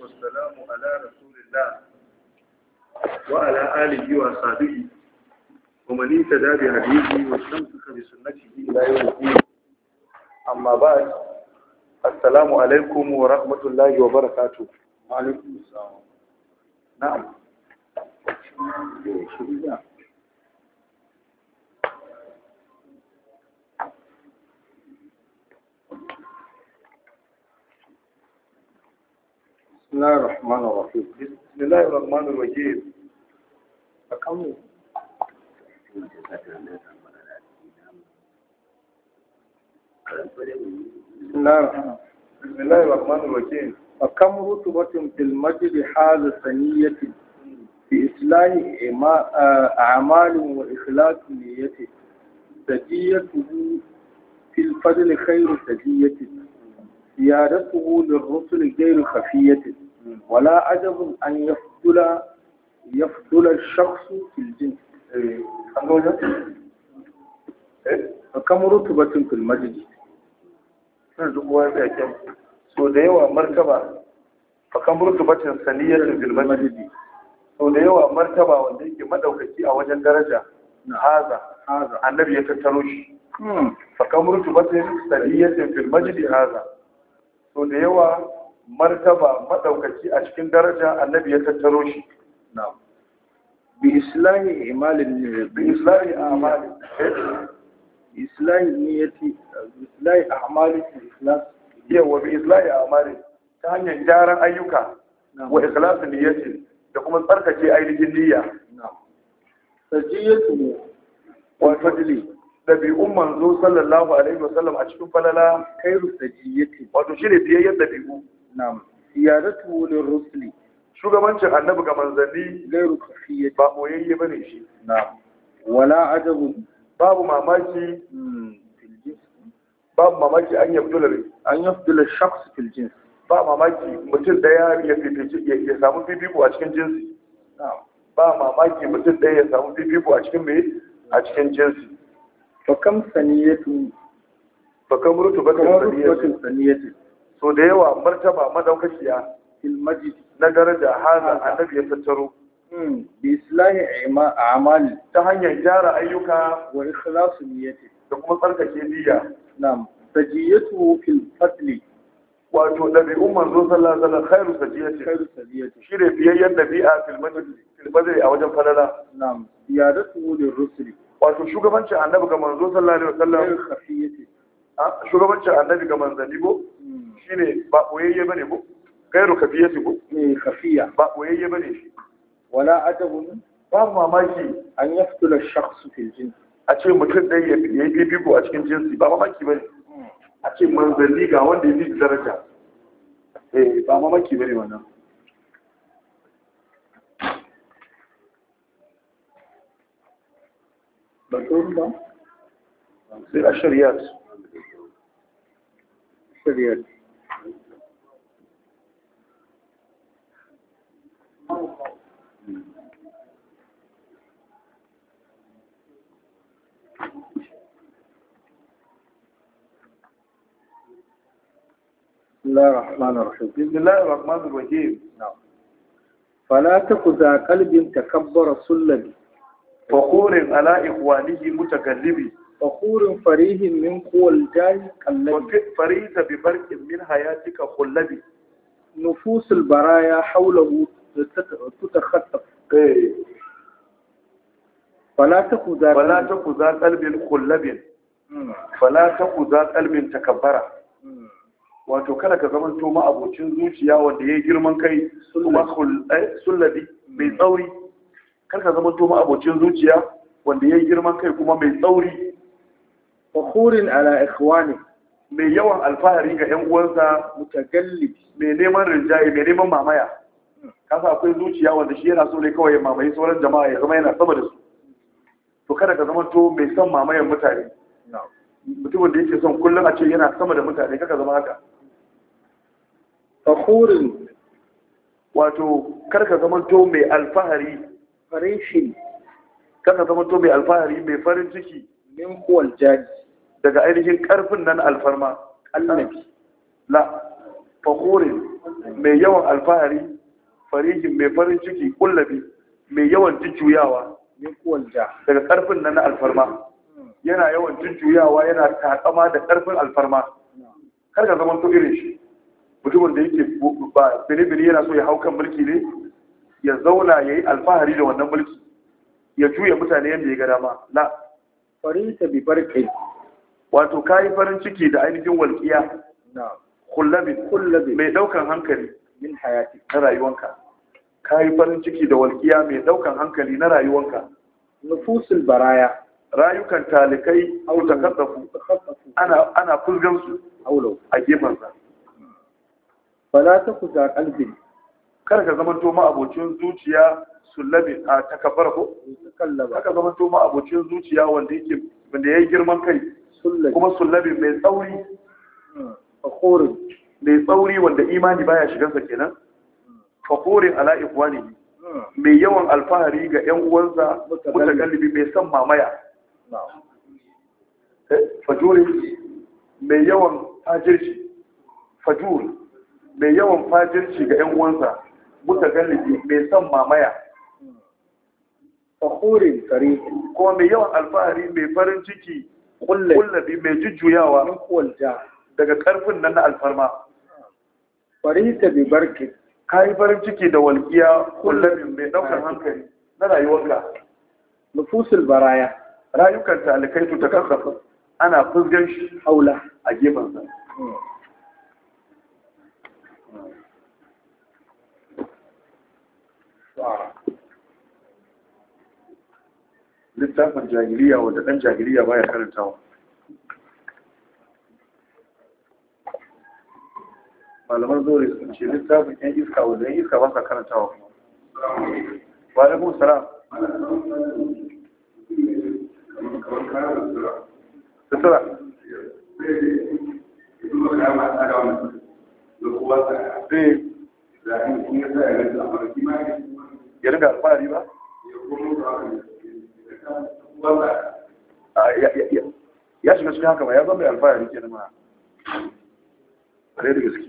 والسلام على رسول الله وعلى آله وصحبه ومن اهتدى بهديه واستمسك بسنته الى يوم الدين اما بعد السلام عليكم ورحمة الله وبركاته وعليكم السلام نعم بسم الله الرحمن الرحيم بسم الله الرحمن الرحيم أكمل بسم الله الرحمن الرحيم فكم رتبة في المسجد حال ثنية في إصلاح آه، أعمال وإخلاص نيته سجيته في الفضل خير سجيته زيادته للرسل غير خفية ولا عجب أن يفضل يفضل الشخص في الجنس كم رتبة في المجلس so da yawa martaba fakan rutubatin saniyatin fil majidi so da yawa martaba wanda yake madaukaki a wajen daraja haza annabi ya tattaro shi fakan rutubatin saniyatin fil majidi haza to da yawa martaba madaukaci a cikin daraja annabi ya tattaro shi bi islahi imalin ne bi islahi amali eh, islahi ne yati islahi a'malin islas yawa bi islahi amali ta hanyar gyaran ayyuka wa ikhlasu niyyati da kuma tsarkake ainihin niyya na'am sajiyatu wa fadli ɗabi'un manzo sallallahu alaihi wasallam a cikin falala Kai khairu yake. wato shine biyayyen ɗabi'u na'am siyaratu lil rusuli shugabancin annabi ga manzanni gairu kafiyyati ba boyayye bane shi na'am wala adabu babu mamaki hmm, babu mamaki an yabdula an yabdula shakhs fil ba mamaki mutum daya ya ya samu fifiko a cikin jinsi ba mamaki mutum daya ya samu fifiko a cikin me a cikin jinsi fakam saniyatu fakam rutubatin saniyatu so da yawa martaba madaukakiya ilmajid na daraja hana annabi ya tattaro hmm. bi islahi a'mali ta hanyar gyara ayyuka wa ikhlasu niyyati da kuma tsarkake niyya na'am sajiyatu fil fadli wato dabi'un manzo sallallahu alaihi wasallam khairu sajiyati khairu sajiyati shire biyayyan a fil majlis fil a wajen falala na'am ziyadatu lirrusuli wato shugabancin annabi ga manzo sallallahu alaihi wasallam shugabancin annabi ga manzanni ko hmm. shine ba koyayye bane ko gairu kafiyati ko ne eh, kafiya ba koyayye bane shi wala adabun ba mamaki an yaftula shakhsu fil jin a ce mutum dai ya yi fifiko a cikin jinsi ba mamaki bane hmm. a ce manzanni ga wanda ya fi daraja eh ba mamaki bane wannan مشهور للأشريات الشريات بسم الله الرحمن الرحيم بسم الله الرحمن الرحيم نعم فلا تك قلب تكبر صلبي fakurin ala ikwanihi mutakallibi fakurin farihin min kowal jahi kallabi farita bi barkin min hayatika kullabi nufusul baraya haulahu tutakhattaf fala taku za fala taku za qalbin kullabin fala za takabbara wato kada ka zama to ma abocin zuciya wanda yi girman kai kuma sullabi mai tsauri kar ka zama ma abocin zuciya wanda ya yi girman kai kuma mai tsauri fahurin ala ikhwani mai yawan alfahari ga yan uwansa mutagalli mai neman rinjaye mai neman mamaya kasa akwai zuciya wanda shi yana so ne kawai mamayi mamaye sauran jama'a ya zama yana sama da su to kada ka zama to mai son mamayan mutane mutumin da yake son kullum a ce yana sama da mutane kaka zama haka fahurin wato karka zama to mai alfahari farishin kada zama to mai alfahari mai farin ciki min kuwal jaji daga ainihin karfin nan alfarma annabi la fakurin mai yawan alfahari farihin mai farin ciki kullabi mai yawan jujjuyawa min kuwal ja daga karfin nan alfarma yana yawan jujjuyawa yana takama da karfin alfarma kar ka zama to irin shi mutumin da yake ba bire-bire yana so ya hau kan mulki ne ya zauna ya yi alfahari da wannan mulki ya juya mutane yadda ya ga ma la ta bi barkai wato kayi farin ciki da ainihin walƙiya na kullabi kullabi mai daukan hankali min hayati na rayuwanka kayi farin ciki da walƙiya mai daukan hankali na rayuwanka nufusul baraya rayukan talikai au takaddafu ana ana fulgan su a gefen sa fala ta kuza Albin. kada ka zama to ma'abocin zuciya sullabi a takabar ko ka zama to ma'abocin zuciya wanda yake wanda yayi girman kai kuma sullabi mai tsauri hmm. fakhuri mai tsauri wanda imani baya sa kenan fakhuri ala ikwani hmm. mai yawan alfahari ga 'yan uwansa galibi mai san mamaya eh, fajuri mai yawan fajirci fajur mai yawan fajirci ga 'yan uwansa mutagallidi mai son mamaya fahurin kare kuma mai yawan alfahari mai farin ciki kullabi mai jujjuyawa daga karfin nan na alfarma farita bi barki kai farin ciki da walƙiya kullabi mai ɗaukar hankali na rayuwarka nufusul baraya rayukan talikai ta ana fusgan shi haula a gefensa hmm. littafin jahiliya wanda ɗan jahiliya baya karantawa Malamar zore sun ce littafin yan iska wanda yan iska ba sa karantawa wa alaikum salam sutura eh. ya riga alfahari ba? ya shiga cikin haka ba ya zama da alfahari ke nema kare da gaske eh.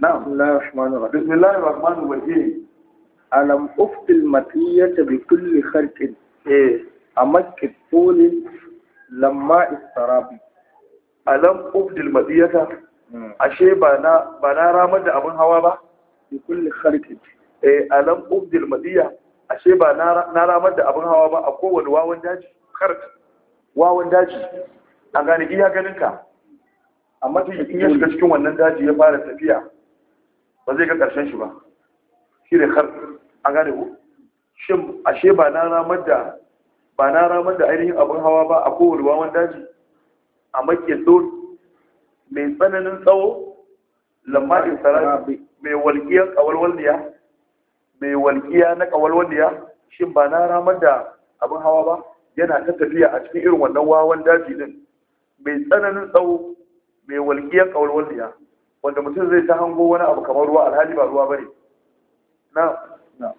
hmm. na alhamdulillah alam ufdil matiyata ashe ba na ramar da abin hawa ba bi kulle harkin eh alam ubdil madiya ashe ba na ramar da abin hawa ba a kowane wawan daji Kar wawan daji a gane iya ganin ka amma sai in ya shiga cikin wannan daji ya fara tafiya ba zai ga karshen shi ba shi ne kart a gane ku shin ashe ba na ramar da ba na ramar da ainihin abin hawa ba a kowane wawan daji a makin dole mai tsananin tsawo lamma in mai walƙiyar ƙawar walliya mai walƙiya na ƙawalwaliya shin ba na ramar da abin hawa ba yana ta tafiya a cikin irin wannan wawan daji din mai tsananin tsawo mai walƙiyar ƙawalwaliya wanda mutum zai ta hango wani abu kamar ruwa alhali ba ruwa bane na na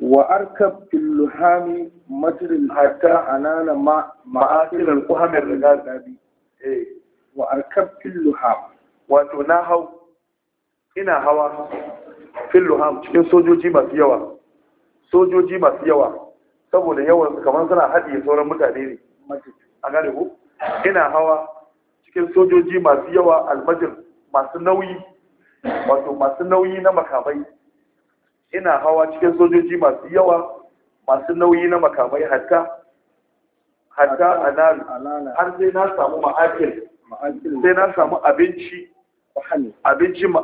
wa arkab fil luhami majrin hatta anana ma ma'asir al quhamir rigabi eh wa arkab fil luham wato na hau ina hawa filluham cikin sojoji masu yawa sojoji masu yawa saboda yawan kamar suna haɗiye sauran mutane ne a gane ku ina hawa cikin sojoji masu yawa almajir masu nauyi wato masu nauyi na makamai ina hawa cikin sojoji masu yawa masu nauyi na makamai hatta hatta nan har sai na samu ma'akil sai na samu abinci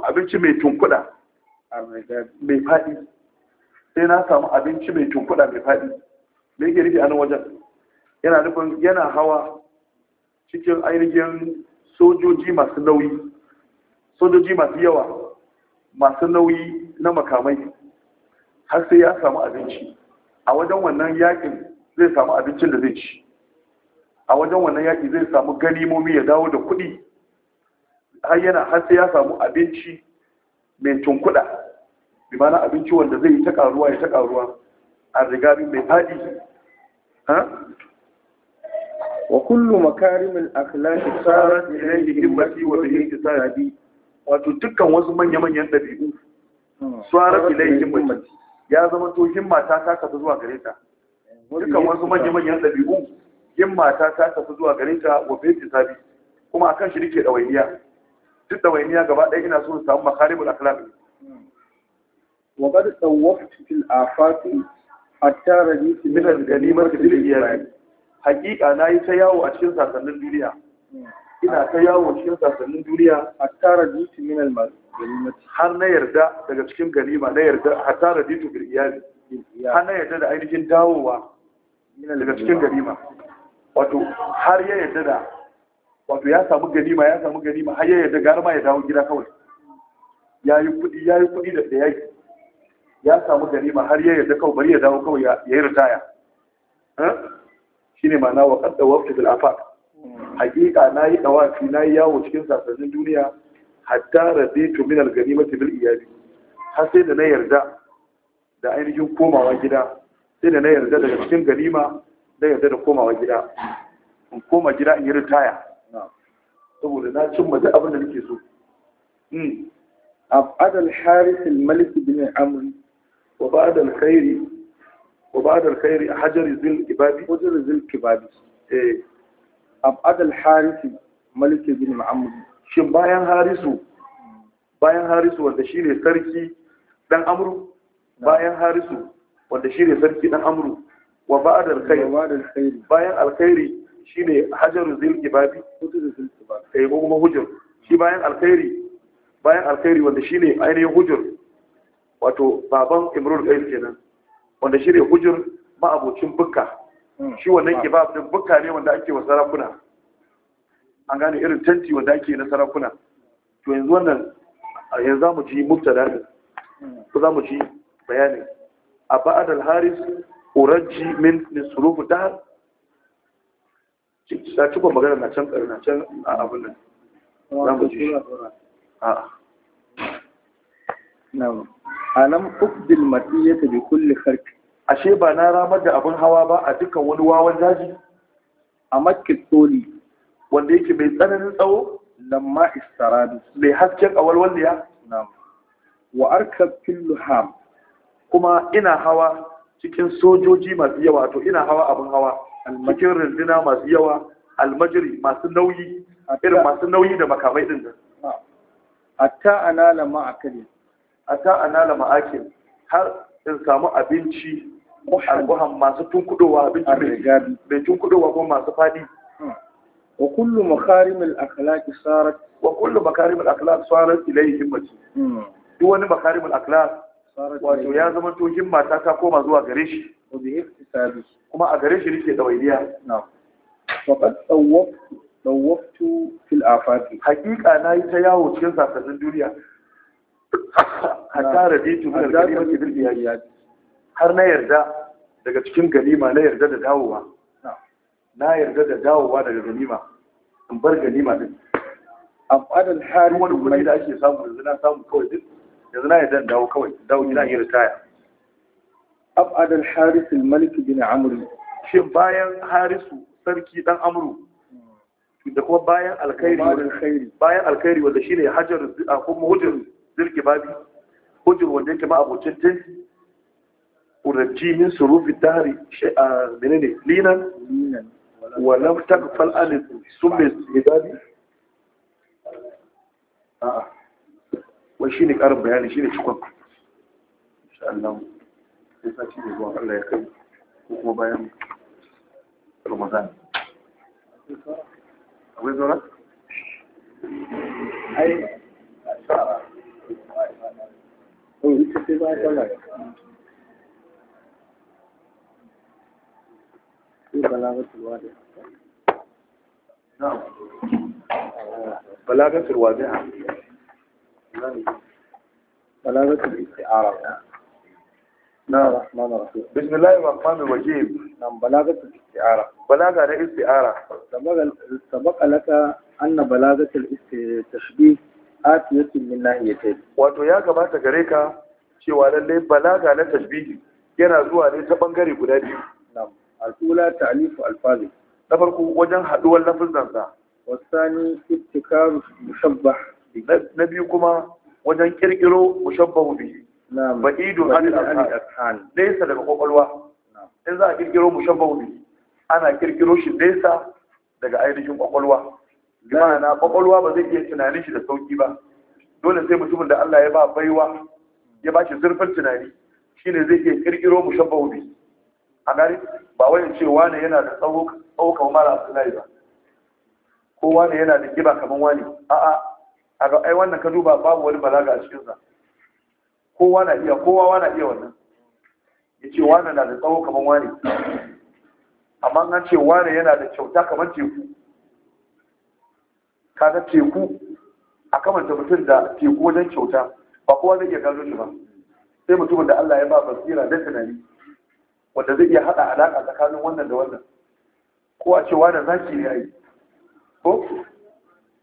abinci mai tunkuda Ah, mai faɗi sai na samu abinci mai tunkuɗa mai faɗi me yake nufi anan wajen yana nufin yana hawa cikin ainihin sojoji masu nauyi sojoji masu yawa masu nauyi na makamai har sai ya samu abinci a wajen wannan yakin zai samu abincin da zai ci a wajen wannan yaki zai samu ganimomi ya dawo da kuɗi har yana har sai ya samu abinci mai tunkuɗa bi mana abinci wanda zai yi ta karuwa ya ta karuwa a rigabi mai fadi wa kullu makarimin akhlaqi sarat ilayhi himmati wa bihi iktisadi wato dukkan wasu manya-manyan dabi'u sarat ilayhi himmati ya zama to himma ta ka zuwa gare ta dukkan wasu manya-manyan dabi'u himma ta ka zuwa gare ta wa bihi iktisadi kuma akan shi rike ɗawainiya. duk ɗawainiya gaba ɗaya ina so in samu makarimin akhlaqi وقد طوفت في الآفات حتى رجيت من الغنيمة في الإيمان حقيقة أنا يتياو cikin ساسن duniya. ina ta yawo cikin sassanin duniya a tara min al har na yarda daga cikin ganima na yarda har tara jitu iyali har na yarda da ainihin dawowa daga cikin ganima wato har ya yarda da wato ya samu ganima ya samu ganima har ya yarda garma ya dawo gida kawai ya yi kudi ya kudi da yaki ya samu ganima har ya yarda kawai bari ya dawo kawai ya yi ritaya ma ma'ana wa da wafi bil Afak? hakika na nayi dawafi yi yawo cikin sasannin duniya hatta raditu min al ganimati bil iyali har sai da na yarda da ainihin komawa gida sai da na yarda daga cikin ganima na yarda da komawa gida in koma gida in yi ritaya saboda na cimma duk abin da nake so adal الحارث الملك بن عمرو وبعد الخير وبعد الخير حجر ذي الكباب حجر ذي الحارث ملك بن معمر harisu bayan harisu wanda bayan harisu wanda shi sarki dan amru wa ba'ad alkhairi bayan alkhairi shi ne hajaru zil kibabi eh, shi bayan alkhairi wanda shi ne ainihin hujur wato baban imrul qais kenan wanda shi ne hujur ma'abocin bukka hmm. shi wannan kibab din bukka ne wanda ake wa sarakuna an gane irin tanti wanda ake na sarakuna to yanzu wannan yanzu za mu ji mubtada din ko za mu ji bayani a ba'ad al-haris uraji min da. dahr ta tuba magana na can na can a abin nan za mu ji a'a na'am alam ukdil matiyata bi kulli kharq ashe ba na ramar da abin hawa ba a dukkan wani wawan daji a makin Toli, wanda yake mai tsananin tsawo ma istaradu mai hasken awalwalliya na'am wa arkab fil kuma ina hawa cikin sojoji masu yawa to ina hawa abin hawa cikin rundina masu yawa almajiri masu nauyi irin masu nauyi da makamai din nan hatta anala ma akali Ata anala ma'ake har in samu abinci ko albuhan masu tunkudowa abinci mai tunkudowa ko masu fadi wa kullu makarimul akhlaq sarat wa kullu makarimul akhlaq sarat ilayhi himmati hmm. duk wani makarimul akhlaq wato ya zama to himma ta ta koma zuwa gare shi kuma a gare shi nake dawainiya na'am faqad tawwaftu fil afati Hakika nayi ta yawo cikin sasannin duniya hatta raditu min al-ghanimati bil biyadiyat har na yarda daga cikin ganima na yarda da dawowa na yarda da dawowa daga ganima in bar ganima din amfanin hari wani kuɗi da ake samu yanzu na samu kawai din? yanzu na yarda dawo kawai dawo gida yi ritaya abad al-haris al-malik bin amr shi bayan harisu sarki dan amru hmm. da kuma bayan alkhairi bayan alkhairi wanda shine hajar ko muhajir zirki babi hujjar wanda yake ma'abocin tin ƙurarci min surufi dari a menene linan walam takfal an sun mai hidabi a wai shi ne ƙarin bayani shi ne cikon Allah sai sati ne zuwa Allah ya kai ko kuma bayan Ramadan akwai zaura? ai بلاغة الواضحة بلاغة الاستعارة نعم الرحمن الرحيم بسم الله الرحمن الرحيم نعم بلاغة الاستعارة نعم. بلاغة الاستعارة سبق لك أن بلاغة الاستشبيه atiyatin min nahiyatin wato ya kamata gare ka cewa lalle balaga na tashbihi yana zuwa ne ta bangare guda biyu na'am al-ula ta'lifu al-fazi na farko wajen haduwar lafazan sa wasani ittikaru mushabbah na biyu kuma wajen kirkiro mushabbah bi na'am ba'idun an al-afhan laysa daga kokolwa in za a kirkiro mushabbah bi, ana kirkiro shi nesa daga ainihin kokolwa ma'ana kwakwalwa ba zai iya tunanin shi da sauki ba dole sai mutumin da Allah ya ba baiwa ya ba shi zurfin tunani shine zai iya kirkiro shabba bi a gari ba wani ce wani yana da tsawo mara kamar mala ba ko wani yana da giba kamar wani a'a a ga ai wannan ka duba babu wani balaga a cikinsa kowa na iya kowa Ya iya wannan na da tsawo kamar wani amma an ce wani yana da kyauta kamar teku kaga teku a kamanta mutum da teku wajen kyauta ba kowa zai iya gano shi ba sai mutumin da Allah ya ba basira da tunani wanda zai iya haɗa alaƙa tsakanin wannan da wannan ko a cewa da zaki ne yayi ko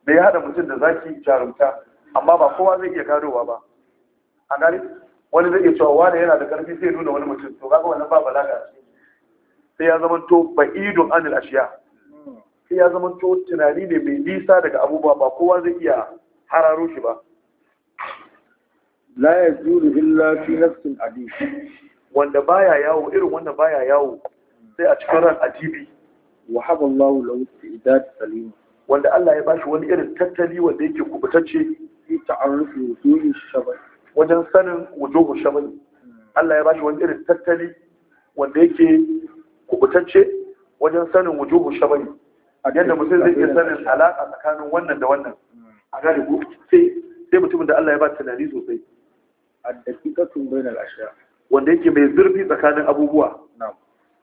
da ya haɗa mutum da zaki jarumta amma ba kowa zai iya ganowa ba a gani wani zai iya cewa wani yana da ƙarfi sai nuna wani mutum to kaga wannan ba balaga sai ya zama to ba idon anil ashiya sai ya zama tunani ne mai nisa daga abubuwa ba kowa zai iya hararo shi ba la zuru illa fi nafsin adibi wanda baya yawo irin wanda baya yawo sai a cikin ran adibi wa haballahu lahu idat salima wanda Allah ya bashi wani irin tattali wanda yake kubutacce fi ta'arrufi wujuhi shabab wajen sanin wujuhu shabab Allah ya bashi wani irin tattali wanda yake kubutacce wajen sanin wujuhu shabab a yadda mutum zai iya sanin alaƙa tsakanin wannan da wannan a gane ku sai sai mutumin da Allah ya ba tunani sosai a daƙiƙatun bainal ashiya wanda yake mai zurfi tsakanin abubuwa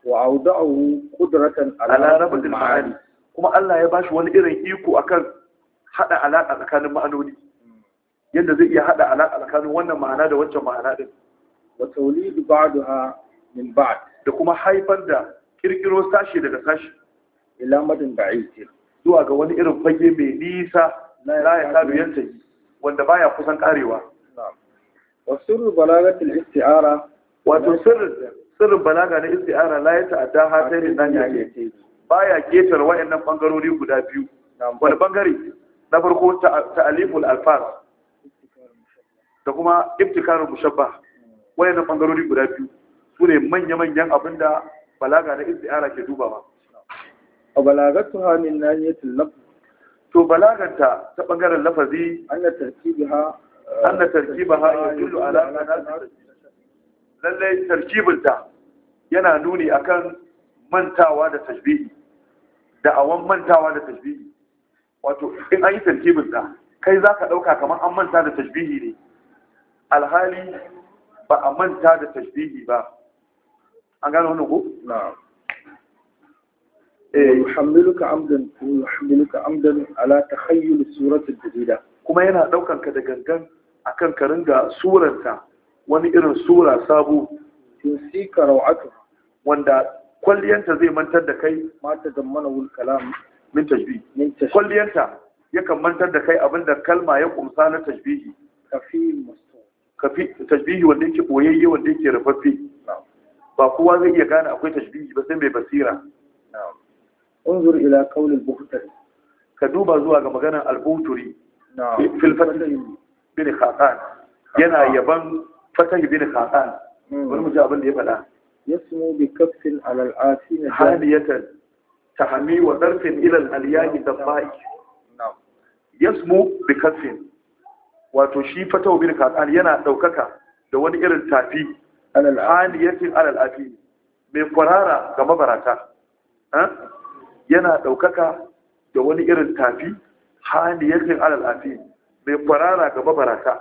wa auda'u qudratan ala rabbil ma'ani kuma Allah ya bashi wani irin iko akan hada alaƙa tsakanin ma'anoni hmm. yadda zai iya hada alaƙa tsakanin wannan ma'ana da wancan ma'ana din wa tawlidu ba'daha min ba'd da kuma haifar da kirkiro sashi daga sashi ila madin ba'id zuwa ga wani irin fage mai nisa na ya sadu yantahi wanda baya kusan karewa wa sirru balagatil isti'ara wato sirrin balaga na isti'ara la ya ta'adda hatari dan yake baya ketar wayannan bangarori guda biyu wani bangare na farko ta'aliful alfaz da kuma ibtikarul mushabbah wayannan bangarori guda biyu sune manya-manyan abinda balaga na isti'ara ke dubawa a balagatu ha min nahiyatul to balaganta ta bangaren lafazi anna tarkibaha ha tarkibaha yadullu ala tanasub tarkibinta yana nuni akan mantawa da tashbihi da awon mantawa da tashbihi wato in an yi tarkibinta, kai za ka dauka kamar an manta da tashbihi ne alhali ba a manta da tashbihi ba an gane hannu ko na'am Eh, yuhammiluka amdan yuhammiluka amdan ala takhayyul surati jadida kuma yana daukan ka da gangan akan ka ringa suranta wani irin sura sabo tusika rawatu wanda kwalliyanta zai mantar da kai mata da manawul kalam min tajbih kwalliyanta yakan mantar da kai abinda kalma ya kumsa na tajbihi kafi kafi tajbihi wanda yake boyayye wanda yake rafaffe ba kowa zai iya gane akwai tajbihi ba sai mai basira انظر الى قول البختري كدوبا زوا ga maganar al-Bukhari na fil fatih yana yaban fatih bin Khatan bari mu ji abin da ya faɗa yasmu bi kafin ala al-asin haliyatan tahmi wa darfin ila al-aliyah dabai yasmu bi wato shi fatih bin Khatan yana ɗaukaka da wani irin tafi ala al-aliyah ala al mai kwarara ga mabarata hm? yana ɗaukaka da wani irin tafi haniyatin alal afi mai kwarara gaba baraka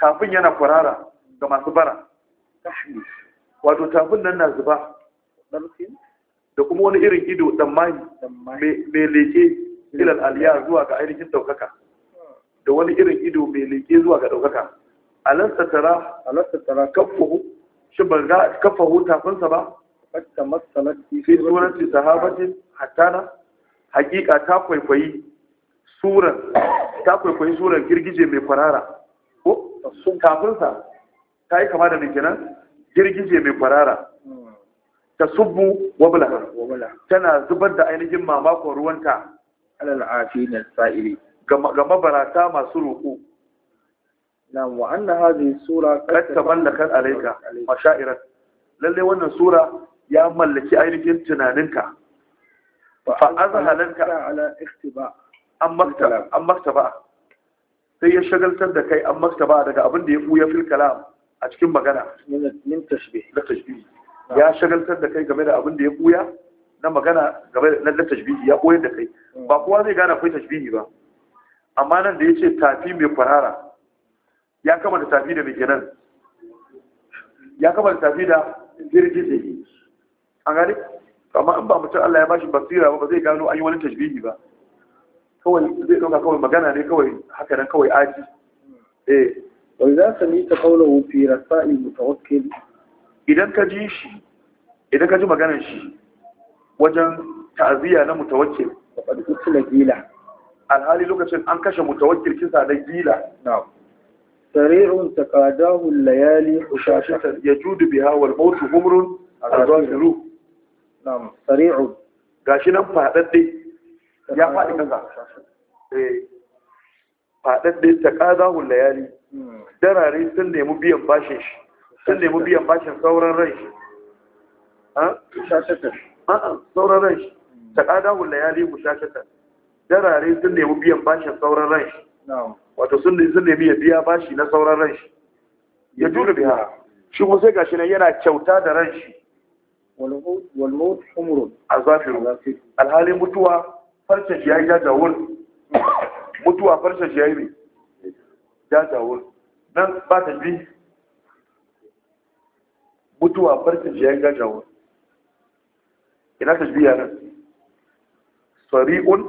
tafin yana kwarara ga masu bara wato tafin nan na zuba da kuma wani irin ido tsammani mai leke ilal aliya zuwa ga ainihin ɗaukaka da wani irin ido mai leke zuwa ga ɗaukaka alasta tara alasta tara kafahu shi ban ga kafahu tafinsa ba fatta masalat fi sahabatin hatana hakika ta kwaikwayi suran ta kwaikwayi suran girgije mai kwarara ko sun kafinsa ta yi kama da mai girgije mai kwarara ta subbu wabla tana zubar da ainihin mamakon ruwanta alal afina sa'iri ga mabarata masu roƙo nan wa anna hadhihi sura qad tamallakat alayka mashairat lalle wannan sura ya mallaki ainihin tunaninka an maktaba sai ya shagaltar da kai an maktaba daga abin da ya buya fil kalam a cikin magana min tashbih ya shagaltar da kai game da abin da ya buya na magana game da na tashbihi ya koyar da kai hmm. ba kowa zai gane akwai tashbihi ba amma nan da yace tafi mai farara ya kama da tafi da mai ya kama da tafi da girgize an gane amma in ba mutum Allah ya bashi basira ba zai gano an yi wani tashbihi ba kawai zai ɗauka kawai magana ne kawai haka nan kawai aji eh wai za ka mita kaulahu fi rasa'i mutawakkil idan ka ji shi idan ka ji maganar shi wajen ta'aziyya na mutawakkil faqad qutila gila alhali lokacin an kashe mutawakkil kisa na gila na'am sari'un taqadahu al-layali ushashatan yajudu biha wal mawtu humrun azzahiru sari'u gashi nan fadadde ya fadi kaza eh fadadde ta qazahu layali hmm. darare sun nemi biyan bashin shi sun nemi biyan bashin sauran rai shi ha shashatan a'a sauran ran shi hmm. ta qazahu layali mushashatan darare sun nemi biyan bashin sauran rai shi wato sun nemi ya biya bashi na sauran rai shi ya jura biya shi kuma sai gashi nan yana kyauta da ran shi walmut humrun azafiru alhalin mutuwa farce shi yayi jajawur mutuwa farce shi yayi ne jajawur nan ba ta bi mutuwa farce shi yayi jajawur ina ta biya nan sari'un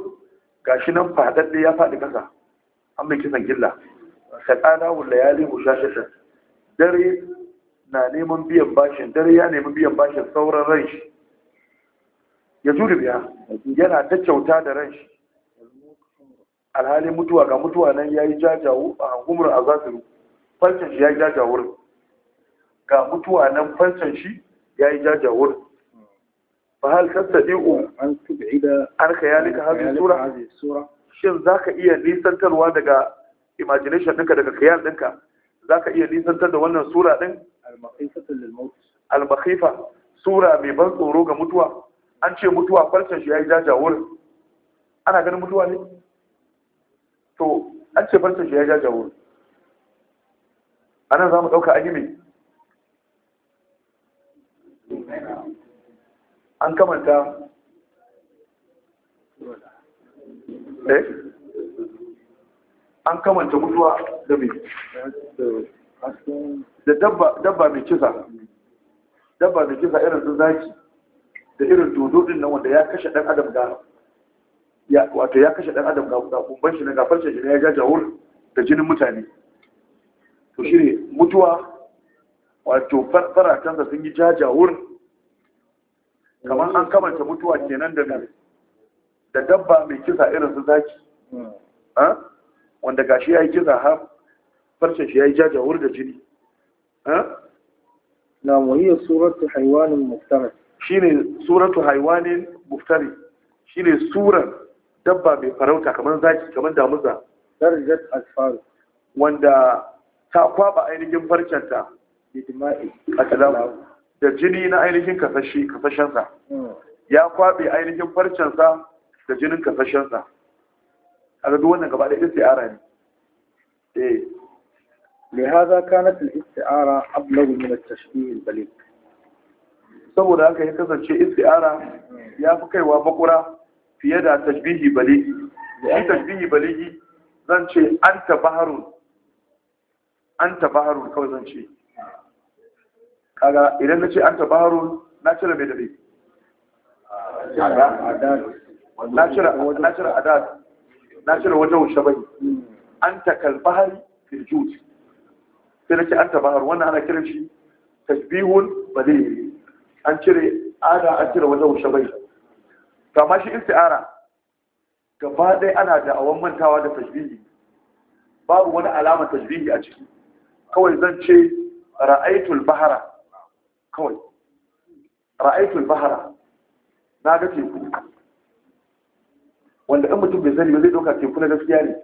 gashi nan fadadde ya faɗi kasa an mai kisan gilla sakana wa layali mushashatan dare na neman biyan bashin dare ya nemi biyan bashin sauran ran shi ya zuri biya yana ta kyauta da ran shi alhalin mutuwa ga mutuwa nan ya yi jajawo a hangumar a zafiru farcen shi ya yi jajawar ga mutuwa nan farcen shi ya yi jajawar ba hal tastati'u an ka an ka hadhihi sura shin ka iya nisantarwa daga imagination ɗinka daga dinka, ɗinka ka iya nisantar da wannan sura ɗin al-makhifa sura mai ban tsoro ga mutuwa an ce mutuwa farcen shi yayi wurin ana ganin mutuwa ne to an ce farcen shi yayi jajawur anan zamu dauka anime an kamanta eh an kamanta mutuwa da mai da dabba mai kisa dabba mai kisa irin su zaki da irin dodo din nan wanda ya kashe dan adam ga ya wato ya kashe dan adam ga kumban shi na gafar shi ne ya ja jawur da jinin mutane to shine mutuwa wato faratansa sun yi jajawur kamar an kamanta mutuwa kenan da da dabba mai kisa irin su zaki hmm. ah? wanda gashi ya yi kisa har farshen shi ya yi jajawur da jini na wahiyar suratu haiwanin muftari shi ne suratu haiwanin muftari shi ne surar dabba mai farauta kamar damuza wanda ta kwaba ainihin farcenta da jini na ainihin kasashensa hmm. ya kwabe ainihin farcensa da jinin kasashensa a ga wannan gaba da istiara ne eh. لهذا كانت الاستعارة أبلغ من التشبيه البليغ saboda haka ya kasance istiara ya fi kaiwa makura fiye da tashbihi baligi shi tashbihi baligi zan ce an tabaharun an tabaharun kaga idan na ce an tabaharun na cire mai dabe na cire adad na cire wajen an sai na ce an tabahar wannan ana kiran shi tasbihun badiri an cire ada an cire wata wuce bai kama shi isti'ara gaba ɗaya ana da awon mantawa da tasbihi babu wani alamar tasbihi a ciki kawai zan ce ra'aitul bahara kawai ra'aitul bahara na ga teku wanda in mutum bai sani ba zai ɗauka teku na gaskiya ne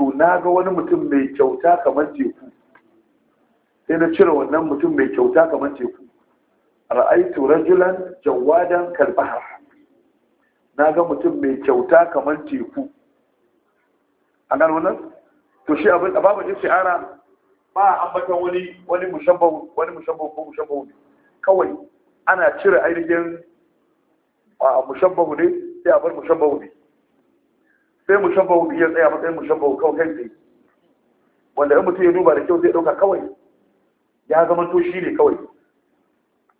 to na ga wani mutum mai kyauta kamar teku sai na cire wannan mutum mai kyauta kamar teku ra'aitu rajulan jawadan kalbahar na ga mutum mai kyauta kamar teku A gano wannan to shi abin da babu ara ba a ambata wani wani mushabbahu wani mushabbahu ko ne kawai ana cire ainihin mushabbahu ne sai a bar mushabbahu ne sai mu shabbahu bai tsaya matsayin mu shabbahu kawai kai tsaye wanda in mutum ya duba da kyau zai ɗauka kawai ya zama to shi ne kawai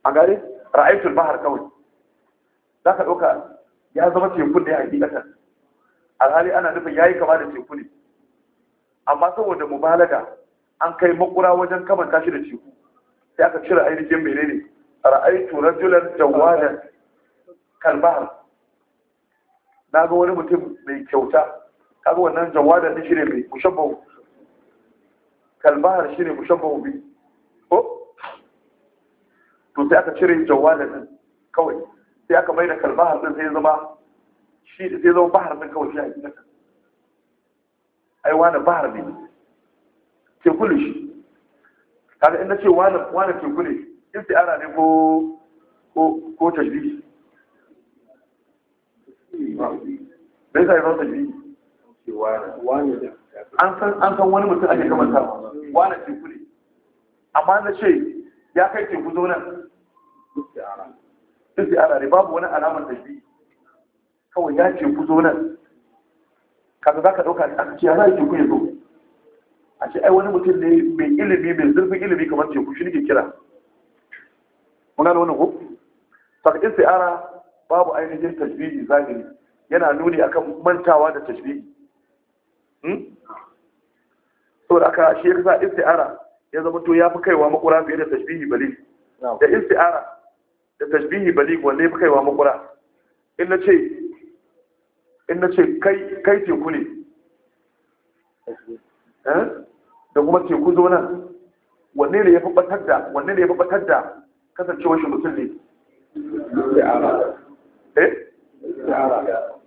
a gare ra'aitul bahar kawai za ka ɗauka ya zama teku ne a hakikatan alhali ana nufin ya yi kama da teku ne amma saboda mubalaga an kai makura wajen kamanta shi da teku sai aka cire ainihin menene ra'aitu rajulan jawalan kalbahar na ga wani mutum mai kyauta kaga wannan jawada ne ne mai mushabbahu kalbahar ne mushabbahu bi ko to sai aka cire jawada din kawai sai aka mai da kalbahar din sai zama shi sai zama bahar din kawai shi a cikin ai wani bahar ne ke kula shi kaga in na ce wani wani ke kula shi ara ne ko ko ko tajbih bai sa ya fasa shi an san wani mutum ake kamanta wani teku ne amma na ce ya kai teku zo nan istiara ne babu wani alamar tafi kawai ya teku zo nan kaga za ka ɗauka ne aka ce ya za a teku ya zo a ce ai wani mutum ne mai ilimi mai zurfin ilimi kamar teku shi ne ke kira Muna gano wani ko saka istiara babu ainihin tashbihi zahiri yana nuni akan mantawa da tashbihi hmm? saboda aka shi ya isti'ara ya zama to yafi kaiwa makura fiye da tashbihi bali da isti'ara da tashbihi bali wanne yafi fi kaiwa makura in na ce in na ce kai kai teku ne eh? da kuma teku zo nan wanne ne ya fi batar da wanne ne ya fi batar da kasancewar shi mutum ne eh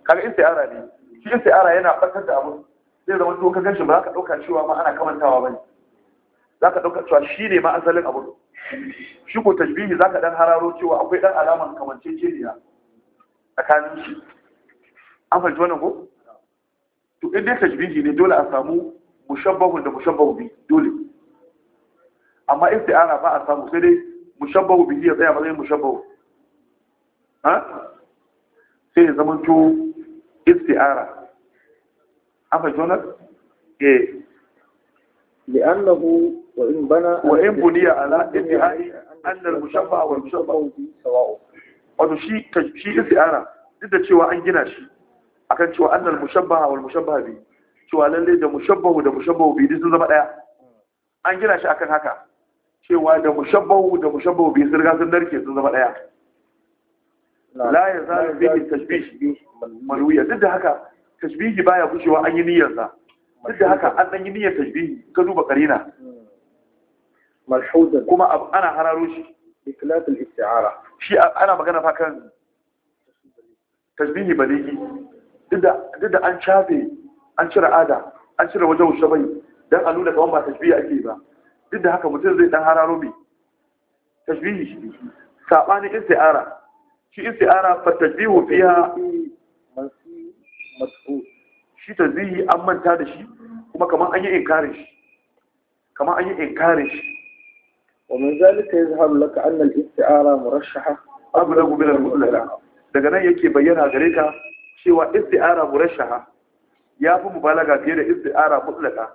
kaga istiara ne shi in istiara yana batar da abu zai zama to ka ganshi ba za ka dauka cewa ma ana kamantawa bane za ka dauka cewa shi ne ma asalin abu shi ko tashbihi za ka dan hararo cewa akwai dan alaman kamanceceniya tsakanin shi an fahimci wannan ko to in dai tajbihi ne dole a samu mushabbahun da mushabbahu bi dole amma in isti'ara ba a samu sai dai mushabbahu bi ya tsaya matsayin mushabbahu ha sai ya zama to isti'ara an fahimci wannan eh li'annahu wa in bana wa in buniya ala isti'ari anna al-mushabba wal mushabba sawa'u wato shi shi isti'ara duk da cewa an gina shi akan cewa anna al-mushabba wal mushabba bi cewa lalle da mushabba da mushabba bi sun zama daya an gina shi akan haka cewa da mushabba da mushabba bi sun riga sun narke sun zama daya la ya zalu bihi tashbih malwiya duk haka tashbihi baya gushewa an yi niyyar sa haka an dan yi niyyar tashbihi ka duba karina hmm. kuma ana hararo shi shi ana magana fa tashbihi baligi duk da an an cire ada an cire wajen a nuna kamar ba tashbihi ake ba haka zai hararo tashbihi shi isti'ara fa tashbihu fiha shi tazihi an manta da shi kuma kamar an yi inkarin shi kamar an yi inkarin shi wa min zalika yazhabu laka anna al-isti'ara murashshaha ablagu min al-mudlala daga nan yake bayyana gare ka cewa isti'ara murashshaha ya fi mubalaga fiye da isti'ara mutlaka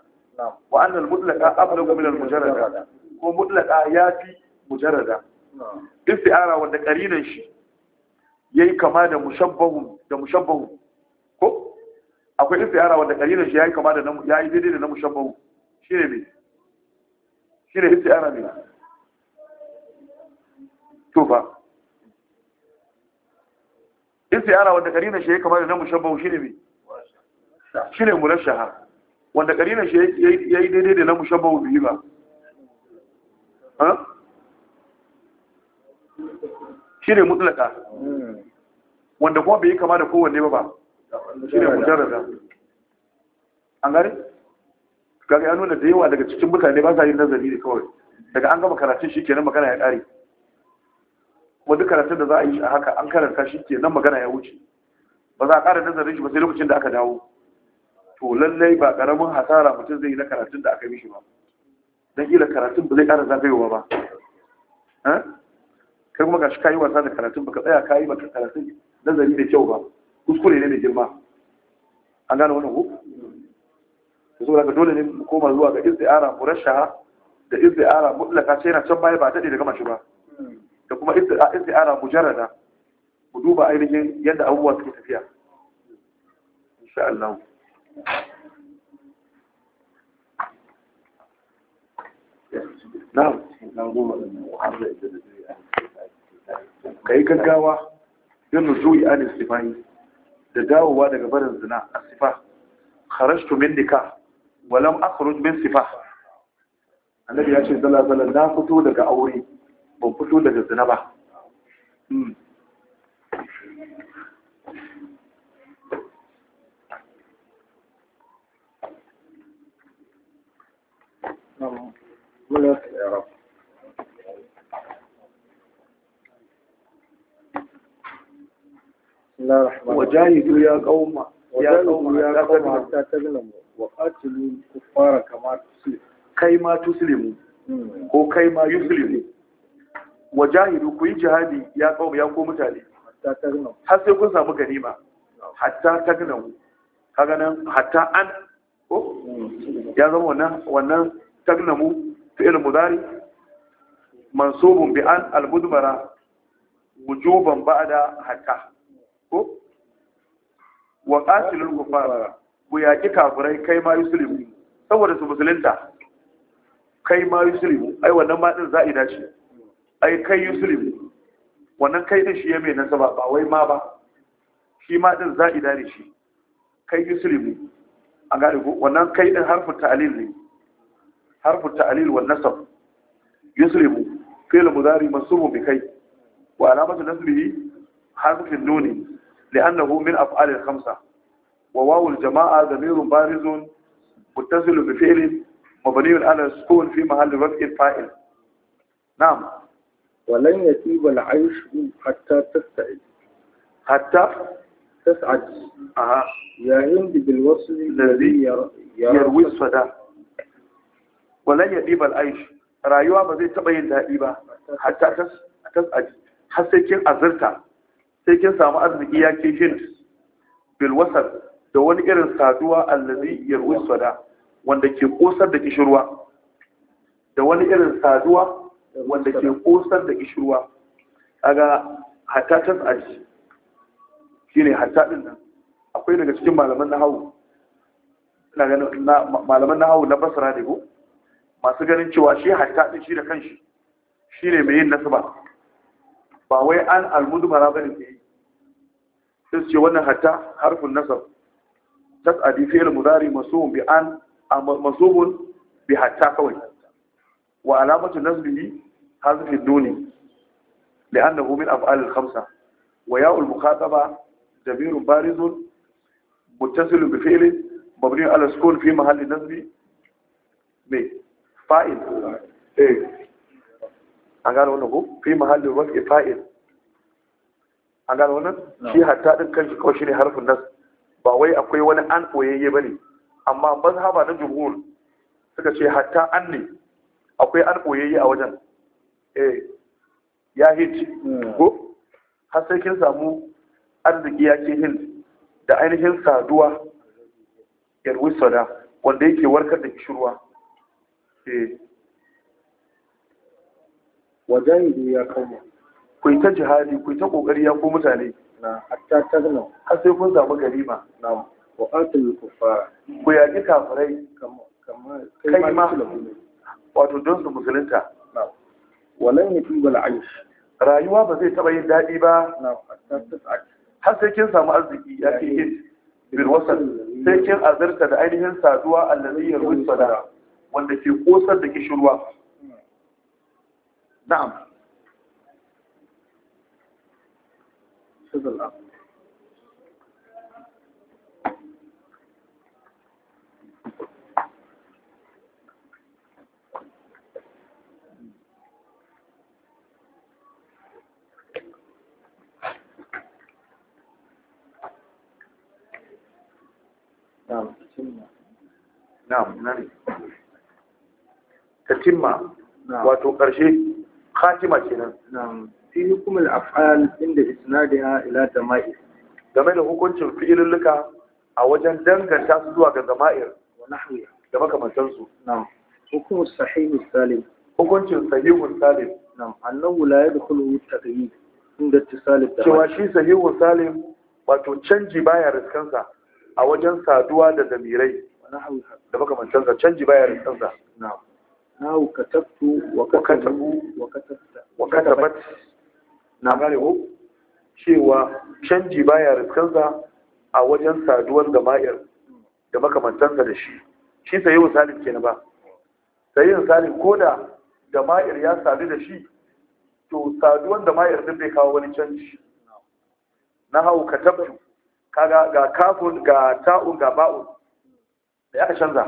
wa annal mutlaka ablagu min al-mujarrada ko mutlaka ya fi mujarrada isti'ara wanda karinan shi yayi kama da mushabbahun da mushabbahun ko akwai istiyara wanda karina shi yayi kama da yayi daidai da na mushabbahun shine me shine istiyara ne to fa istiyara wanda karina shi yayi kama da na mushabbahun shine me shine murashaha wanda karina shi yayi daidai da na mushabbahun biyu ba ha shine mutlaka wanda kuma bai kama da kowanne ba ba ne mujarrada an gane ga ya nuna da yawa daga cikin mutane ba sa yin nazari ne kawai daga an gama karatun shi kenan magana ya ƙare kuma duk karatun da za a yi a haka an karanta shi kenan magana ya wuce ba za a ƙara nazarin shi ba sai lokacin da aka dawo to lallai ba ƙaramin hasara mutum zai yi na karatun da aka mishi ba don kila karatun ba zai ƙara zagayowa ba eh? kai kuma shi kayi wasa da karatun baka tsaya kayi baka karatun nazari da kyau ba kuskure ne da girma an gane wannan ku da saboda daga dole ne mu koma zuwa ga istiara murashaha da istiara mutlaka sai na can baya ba daɗe da gama shi ba da kuma istiara mujarrada mu duba ainihin yadda abubuwa suke tafiya insha Allah na'am kai gaggawa bin rujui an sifahi da dawowa daga barin zina a sifa kharajtu min nikah lam akhruj min sifa annabi ya ce zala zala na fito daga aure ban fito daga zina ba Thank hmm. you. wajahidu ya قوم يا قوم يا قوم wa qatilu kuffara kama kai ma hmm. ko kai ma yuslimu wajahidu ku yi jihadi ya qauma ya ko mutane har sai kun samu ganima hatta tagnamu kaga nan hatta an ko hmm. ya zama wannan wannan tagnamu fi'il mudari mansubun bi an al-mudmara wujuban ba'da hatta ko wa qatilul kufar ku ki kafirai kai ma yuslimu saboda su musulunta kai ma yuslimu ai wannan ma din za'ida shi. ai kai yuslimu wannan kai din shi ya mai nasaba ba wai ma ba shi ma din za'ida ne shi kai yuslimu A gane ko wannan kai din harfu ta'lil ne harfu ta'lil wan nasab yuslimu fi'l mudari mansubun bi kai wa alamatu nasbihi harfu nuni لأنه من أفعال الخمسة وواو الجماعة ضمير بارز متصل بفعل مبني على السكون في محل رفع فاعل نعم ولن يتيب العيش حتى تستعد حتى تسعد أها. يا هند بالوصل الذي يروي الصدى ولن يتيب العيش رأيوها ba تبين دائبة حتى تسعد حسيت hatta tas'adi sai kin samu arziki ya ke jin bilwasar da wani irin saduwa allazi yarwi sada wanda ke kosar da kishirwa da wani irin saduwa wanda ke kosar da kishirwa kaga hatta ta tsaji shine hatta din nan akwai daga cikin malaman nahawu ina ganin malaman nahawu na basra ne ko masu ganin cewa shi hatta din shi da kanshi shine mai yin nasaba ba wai an almudumara ba ne ke yi sai ce wannan hatta harfun nasar tas'adi fi'il mudari masubun bi an masubun bi hatta kawai wa alamatu nasbihi hazfi duni li'annahu min af'al al-khamsa wa ya'ul mukhataba damirun barizun muttasil bi fi'lin mabni ala sukun fi mahalli nasbi bi fa'il eh. an gano wannan ko fi mahallin rafi fa'il an gano wannan shi hatta din kanshi kawai shine harfin nas ba wai akwai wani an koyayye ne. amma mazhaba na jumhur suka ce hatta an ne akwai an koyayye a wajen eh ya hit hmm. ko har sai kin samu arziki ya ke hin da ainihin saduwa da. wanda yake warkar da kishirwa eh wajahidu ya kama kai ta jihadi kai ta kokari ya ko mutane na hatta tagna har sai kun samu Garima. na wa atul kufara ku yaki kafirai kai ma wato don su musulunta na walan yatubal aish rayuwa ba zai taba yin daɗi ba Na har sai kin samu arziki ya ke hit bil wasan sai kin azarta da ainihin saduwa allazi yarwi sada wanda ke kosar da kishirwa نعم نعم الأمر نعم نعم نعم تتم نعم ƙarshe خاتمة kenan na'am fi hukumul af'al inda game da hukuncin fi'ilulluka a wajen danganta su zuwa ga zama'ir wa nahwiya da makamantan su na'am hukumu sahihu salim hukuncin sahihu salim na'am annahu la yadkhulu taqyid inda tisalib da cewa shi sahihu salim wato canji baya riskansa a wajen saduwa da zamirai da makamancinsa canji baya riskansa na'am nahu katabtu wa katabu wa katabta wa katabat na gane ko cewa canji baya riskansa a wajen saduwar jama'ir da makamantansa da shi shi sayi ke na ba sayi salim ko da jama'ir ya sadu da shi to saduwan jama'ir din bai kawo wani canji na hau katabtu kaga ga kafun ga ta'un ga ba'un da ya canza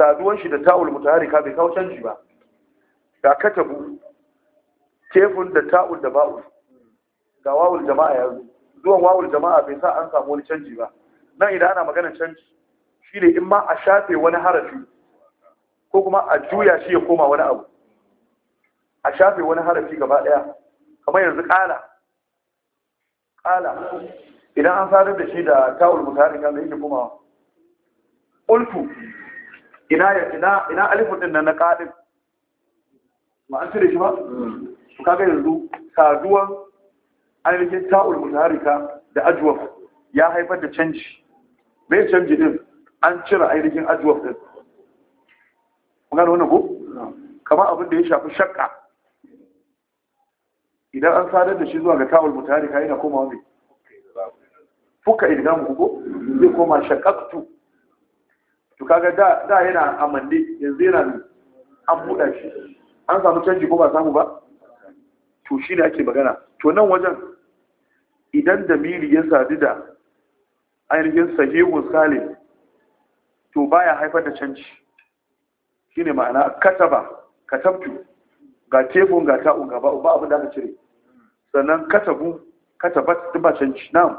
saduwan shi da ta'ul mutaharika bai kawo canji ba ga katabu kefun da ta'ul da ba'ul ga wawul jama'a yanzu zuwan wawul jama'a bai sa an samu wani canji ba nan idan ana maganar canji shi ne in ma a shafe wani harafi ko kuma a juya shi ya koma wani abu a shafe wani harafi gaba daya kamar yanzu kala kala idan an sadar da shi da ta'ul mutaharika da yake komawa ulfu ina ya ina ina alifun din nan na qadin ma an cire shi ba to kaga yanzu saduwan ainihin ta'ul mutaharika da ajwaf ya haifar da canji bai canji din an cire ainihin ajwaf din kun gano wannan ko kamar abin da ya shafi shakka idan an sadar da shi zuwa ga ta'ul mutaharika yana komawa ne fuka idgamu ko zai koma shakkatu to kaga da da yana amande yanzu yana ne an buɗa shi an samu canji ko ba samu ba to shi ne ake magana to nan wajen idan damiri ya sadu da ainihin sahihun salim to baya haifar da canji shi ne ma'ana kataba katabtu ga tefun ga ta'un ba abin da aka cire sannan katabu katabat ba canji na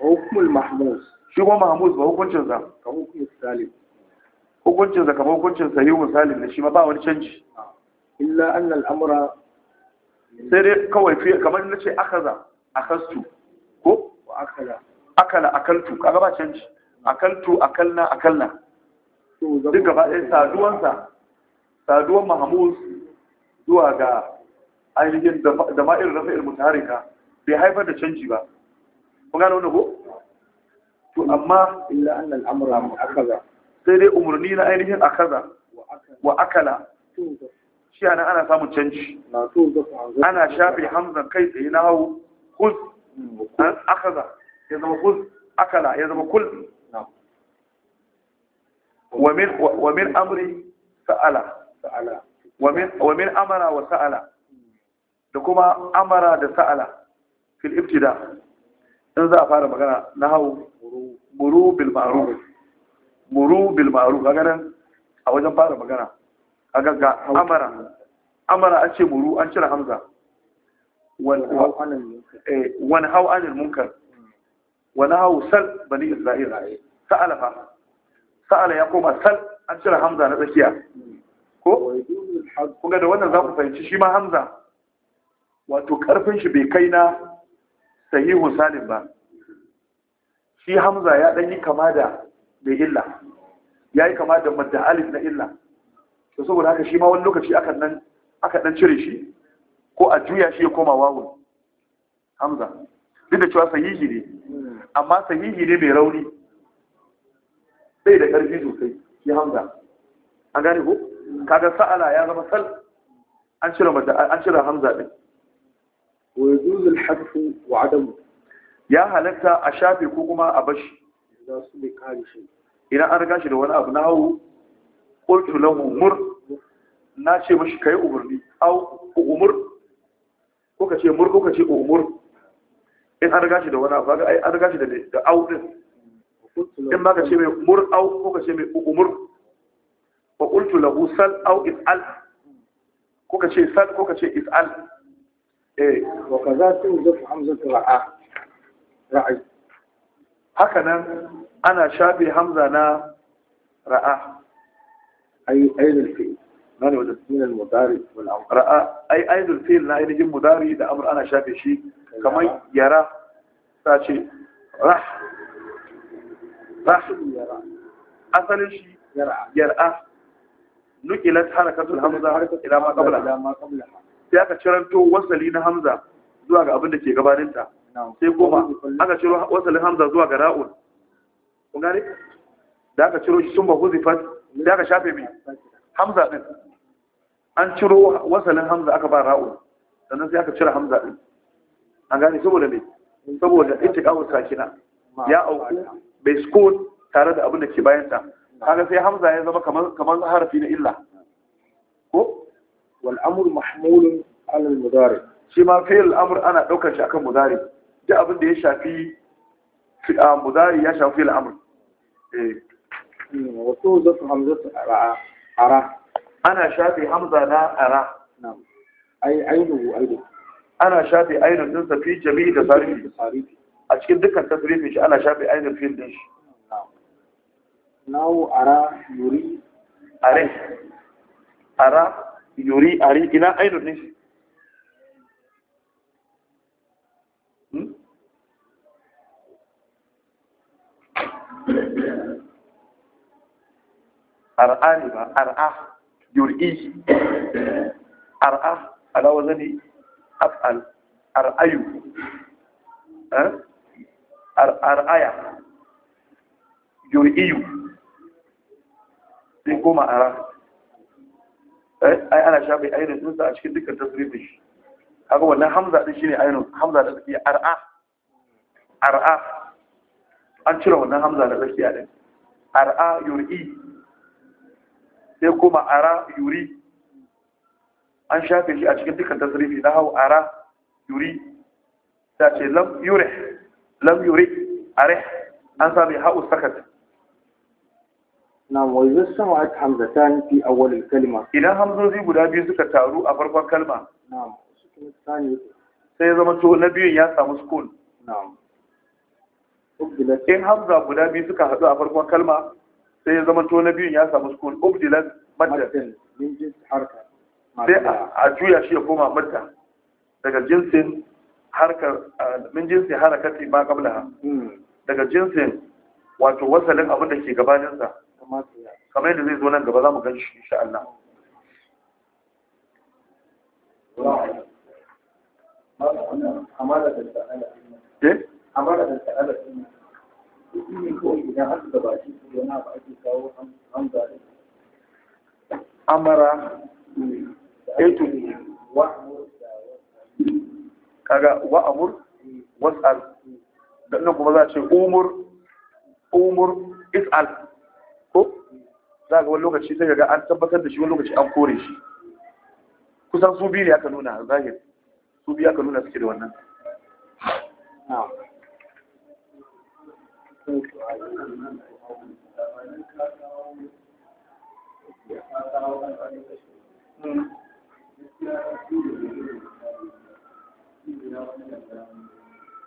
hukumul mahmud shi kuma mahmud ba hukuncinsa hukuncinsa kamar hukuncin sahihu salim da shi ma ba wani canji ah, illa annal amra sai dai kawai fiye kamar na ce akaza akastu ko akala akaltu kaga ba canji akaltu akalna akalna duk gaba ɗaya saduwansa saduwan mahamud zuwa ga ainihin da ma'irin rafa'il mutarika bai haifar da canji ba kun gano wani ko to amma illa anna al'amra akaza sai dai umarni na ainihin akaza wa akala shi ana ana samun canji ana shafe hamzan kai tsaye na hau kuz akaza ya zama kuz akala ya zama kul wa min amri sa'ala wa min amara wa sa'ala da kuma amara da sa'ala fil ibtida in za a fara magana na hau muru bilmaru muru bilmaru ma'ruf ganin a wajen fara magana a ga amara amara an ce muru an cire hamza eh, Wani hau anil munkar wani hau sal bani isra'ila sa'ala fa sa'ala ya koma sal an cire hamza na tsakiya ko kuma da wannan za ku fahimci shi ma hamza wato karfin shi bai kai na sahihu salim ba shi hamza ya yi kama da da illa ya yi kama da madda alif na illa da saboda haka shi ma wani lokaci aka ɗan cire shi ko a juya shi ya koma wawun hamza duk da cewa sahihi ne amma sahihi ne mai rauni sai da ƙarfi sosai shi hamza an gane ko kaga sa'ala ya zama sal an cire hamza ɗin wa yajuz al-hadf wa adam ya halatta a shafe ko kuma a bashi za su bi kare shi idan an riga shi da wani abu na hawo qultu lahu mur na ce mashi kai umurni au umur ko ka ce mur ko ka ce umur in an riga shi da wani abu ga ai an riga shi da da au din in ba ka ce mai mur au ko ka ce mai umur wa qultu lahu sal au is'al ko ka ce sal ko ka ce is'al eh wa ana shafe hamza na ra'a ra'a ay aidul na aidul mudari da amr ana shafe shi kamar yara sace rah asalin shi yara nukilat harakatul hamza ila ma qabla sai aka ciranto wasali na hamza zuwa ga abin da ke gabaninta sai goma aka ciro wasalin hamza zuwa ga ra'un kun gane da aka ciro shi sun ba huzifat da aka shafe mai hamza din an ciro wasalin hamza aka ba ra'un sannan sai aka cire hamza din an gane saboda mai saboda itiqawul sakina ya auku bai sukun tare da abin da ke bayanta kaga sai hamza ya zama kamar harafi na illa Wal'amur amru mahmulun ala mudari shi ma fi'il amr ana daukar shi akan mudari duk abinda ya shafi fi'a mudari ya shafi fi'il amr eh wato zatu hamzatu ara ana shafi hamza na ara ainihu ana shafi ainihin ɗinsa fi Jami da sarifi a cikin dukkan tasirifin shi ana shafi ainihin fiye ɗin shi nawo ara yuri are ara yuri a ina ainihin ɗin shi hmm? ar'ani ba ar'a yuri ar'a alawa zane af'al ar'ayu eh? ar'aya yuri sai goma ara Eh, ai ana shafe ainihin ɗinsa a cikin dukkan tasirifin shi haka wannan hamza ɗin shi ne ainihin hamza da tsakiya ar'a ar'a an cire wannan hamza da tsakiya ɗin ar'a yuri sai kuma ara yuri an shafe shi a cikin dukkan tasirifi na hau ara yuri ta ce lam yure lam yure are an sami ha'u sakat نعم وإذا اجتمعت همزتان a أول kalma idan hamzozi guda biyu suka taru a farkon kalma sai zama to na biyun ya samu sukun in hamza guda biyu suka haɗu a farkon kalma sai ya zama to na biyun ya samu sukun ubdilat madda sai a juya shi ya koma madda daga jinsin harkar min jinsin harakati ma kamla hmm. daga jinsin wato wasalin abin da ke gabaninsa kamar yadda zai zo nan gaba za mu ganshi insha Allah eh? amara da eh, ta'ala da ba ake amara eto wa'amur kuma za ce umur umur is'al za ga wani lokaci sai ga an tabbatar da shi wani lokaci an kore shi kusan su biyu ne aka nuna a zahir su biyu aka nuna suke da wannan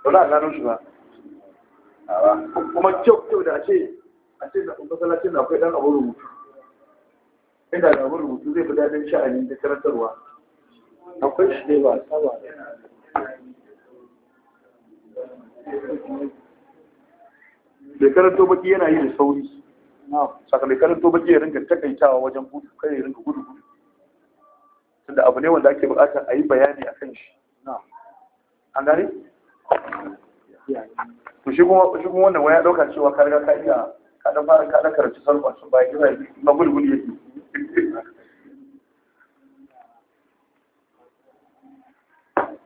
Ba a ganin shi ba. Kuma kyau kyau da ce a ce da masallacin akwai dan abin rubutu inda da abin rubutu zai fi daɗin sha'ani da karantarwa akwai shi ne ba saba da karanto baki yana yi da sauri saka mai karanto baki ya ringa takaitawa wajen gudu kai ya ringa gudu gudu tunda abu ne wanda ake buƙatar a yi bayani a kan shi an gane? to shi kuma wannan wani ya ɗauka cewa karga ka iya ka fara ka karci karanci salwa sun ba kira ma bulbul yake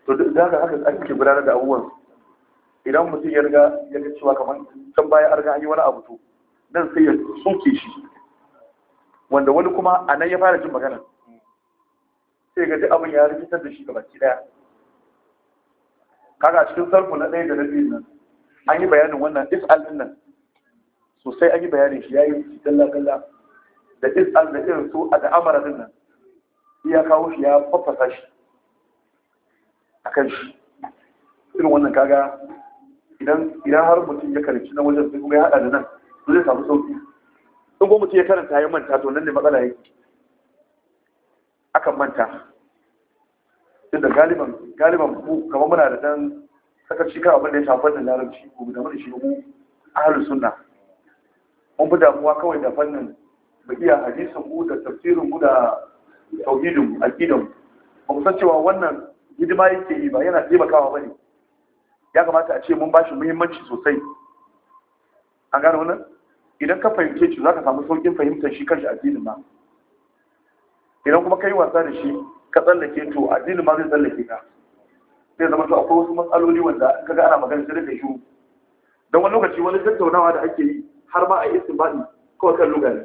to duk da haka haka ake gudanar da abubuwan idan mutum ya riga ya ga cewa kamar can baya an riga an yi wani abu to nan sai ya soke shi wanda wani kuma a nan ya fara jin magana sai ga duk abin ya rikitar da shi ga baki daya kaga cikin sarfu na ɗaya da na biyu nan an yi bayanin wannan is'al din nan sosai an yi bayanin shi ya yi dalla-dalla da izan da irin su a da'amara din nan ya kawo shi ya fafasa shi a kan shi irin wannan kaga idan har mutum ya karanci na wajen sai kuma ya haɗa da nan su zai samu sauki sun ko mutum ya karanta ya manta to nan ne matsala yake akan manta tunda galiban galiban mu kamar muna da dan sakarci kan abin da ya shafi da larabci ko da mun shi mu ahlus suna. mun fi damuwa kawai da fannin iya hadisun mu da tafsirin mu da tauhidin mu aqidan mu ba mu san cewa wannan hidima yake yi ba yana taimakawa bane ya kamata a ce mun bashi muhimmanci sosai an gano wannan idan ka fahimce shi zaka samu saukin fahimtar shi kanshi addinin ma idan kuma kai wasa da shi ka tsallake to addinin ma zai tsallake ka zai zama to akwai wasu matsaloli wanda kaga ana magana sai da shi don wani lokaci wani tattaunawa da ake yi har ma a yi istinbadi kawai kan lugari.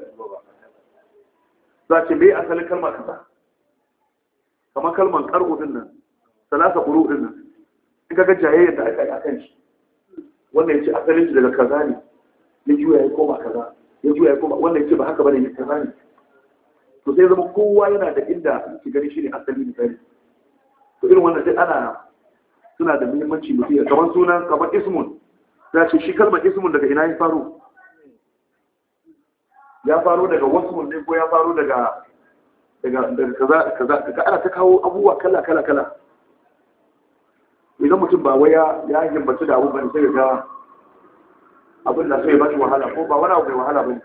za ce bai asalin kalma kaza kamar kalman kar'u din nan salasa quru din nan in kaga jayayyar da aka yi akan shi wannan ya ce asalin shi daga kaza ne ya juya ya koma kaza ya juya ya koma wannan ya ce ba haka bane ya kaza ne to sai zama kowa yana da inda yake gani shi ne asalin misali to irin wannan sai ana suna da muhimmanci mutum ya kamar sunan kamar ismun za ce shi kalmar ismun daga ina ya faru? ya faru daga wasu ne ko ya faru daga daga kaza kaza kaga ana ta kawo abubuwa kala kala kala idan mutum ba waya ya himmatu da abubuwan sai ga abin da sai ba shi wahala ko ba wani abu mai wahala ba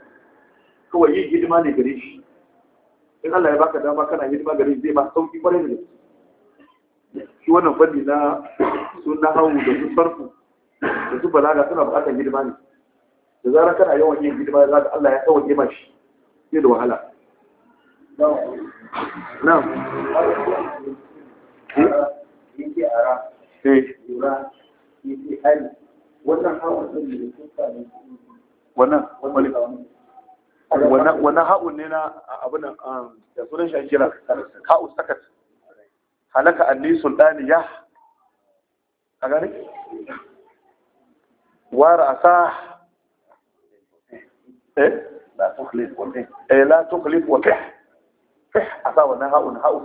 kawai yi hidima ne gare shi in Allah ya baka dama kana hidima gare shi zai ba sauki kwarai da shi wannan fanni na sun na hawu da sun farko da su balaga suna bukatar hidima ne da zarar kana yawan yin hidima za ka Allah ya tsawon yi shi sai da wahala na'am eh. wannan hawan ne wannan wannan ne na abin um, da sunan shi kira ka'u sakat halaka sultani ya a gani wara asah eh la tukhlif wa fih eh la tukhlif wa fih asa wannan ha'un ha'u